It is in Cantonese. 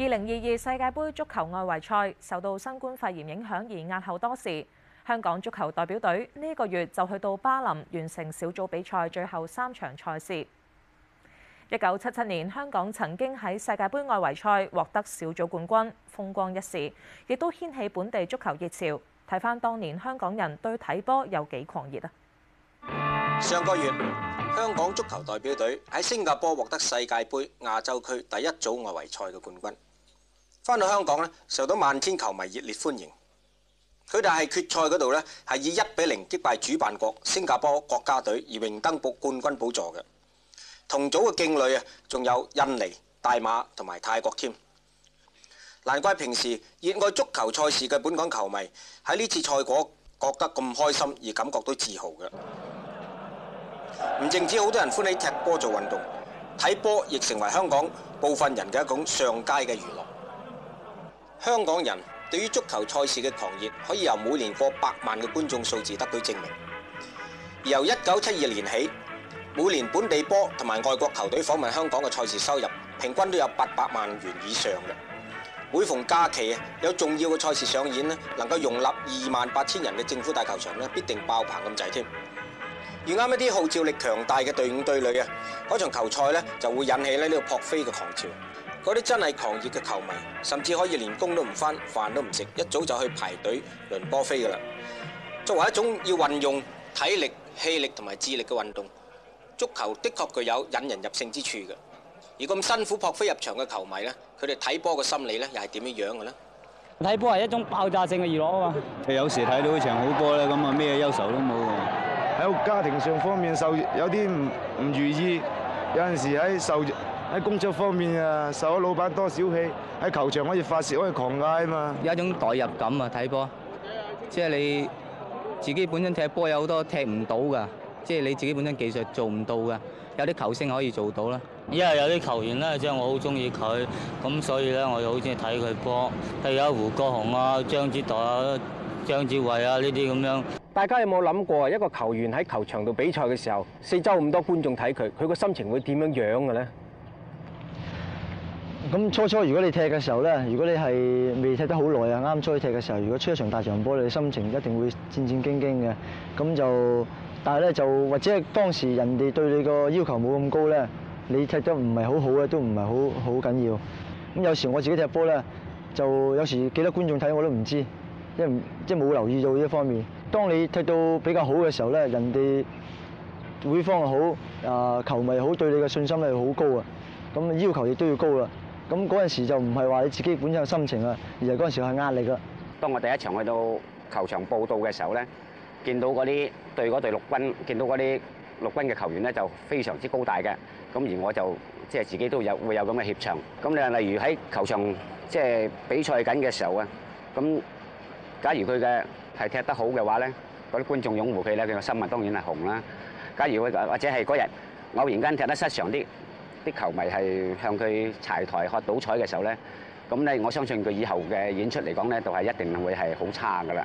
二零二二世界盃足球外圍賽受到新冠肺炎影響而押後多時，香港足球代表隊呢個月就去到巴林完成小組比賽最後三場賽事。一九七七年，香港曾經喺世界盃外圍賽獲得小組冠軍，風光一時，亦都掀起本地足球熱潮。睇翻，當年香港人對睇波有幾狂熱啊！上個月，香港足球代表隊喺新加坡獲得世界盃亞洲區第一組外圍賽嘅冠軍。翻到香港咧，受到萬千球迷熱烈歡迎。佢哋喺決賽嗰度咧，係以一比零擊敗主辦國新加坡國家隊，而榮登部冠軍寶座嘅。同組嘅勁旅啊，仲有印尼、大馬同埋泰國添。難怪平時熱愛足球賽事嘅本港球迷喺呢次賽果覺得咁開心，而感覺到自豪嘅。唔淨止好多人歡喜踢波做運動，睇波亦成為香港部分人嘅一種上街嘅娛樂。香港人對於足球賽事嘅狂熱，可以由每年過百萬嘅觀眾數字得到證明。由一九七二年起，每年本地波同埋外國球隊訪問香港嘅賽事收入，平均都有八百萬元以上。每逢假期有重要嘅賽事上演咧，能夠容納二萬八千人嘅政府大球場，必定爆棚咁滯添。而啱一啲號召力強大嘅隊伍對壘啊，嗰場球賽就會引起呢個撲飛嘅狂潮。嗰啲真係狂熱嘅球迷，甚至可以連工都唔返，飯都唔食，一早就去排隊輪波飛噶啦。作為一種要運用體力、氣力同埋智力嘅運動，足球的確具有引人入勝之處嘅。而咁辛苦撲飛入場嘅球迷咧，佢哋睇波嘅心理咧，又係點樣樣嘅咧？睇波係一種爆炸性嘅娛樂啊嘛！佢有時睇到一場好波咧，咁啊咩憂愁都冇喎。喺家庭上方面受有啲唔唔如意，有陣時喺受。喺工作方面啊，受咗老闆多少氣，喺球場可以發洩，可以狂嗌嘛，有一種代入感啊！睇波，即係你自己本身踢波有好多踢唔到噶，即係你自己本身技術做唔到噶，有啲球星可以做到啦。因為有啲球員咧，即係我好中意佢，咁所以咧，我就好中意睇佢波。譬如啊，胡國雄啊、張子岱啊、張子慧啊呢啲咁樣。大家有冇諗過一個球員喺球場度比賽嘅時候，四周咁多觀眾睇佢，佢個心情會點樣樣嘅咧？咁初初如果你踢嘅時候呢，如果你係未踢得好耐啊，啱啱出去踢嘅時候，如果出一場大場波，你心情一定會戰戰兢兢嘅。咁就，但係呢，就或者當時人哋對你個要求冇咁高呢，你踢得唔係好好嘅都唔係好好緊要。咁有時我自己踢波呢，就有時幾多觀眾睇我都唔知，即係即冇留意到呢一方面。當你踢到比較好嘅時候呢，人哋會方好啊，球迷好，對你嘅信心係好高啊，咁要求亦都要高啦。咁嗰陣時就唔係話你自己本身有心情啊，而係嗰陣時係壓力噶。當我第一場去到球場報到嘅時候咧，見到嗰啲對嗰隊陸軍，見到嗰啲陸軍嘅球員咧就非常之高大嘅。咁而我就即係自己都有會有咁嘅怯場。咁你例如喺球場即係比賽緊嘅時候啊，咁假如佢嘅係踢得好嘅話咧，嗰啲觀眾擁護佢咧，佢嘅新聞當然係紅啦。假如佢或者係嗰日偶然間踢得失常啲，啲球迷係向佢柴台喝倒彩嘅時候咧，咁咧我相信佢以後嘅演出嚟講咧，就係一定會係好差㗎喇。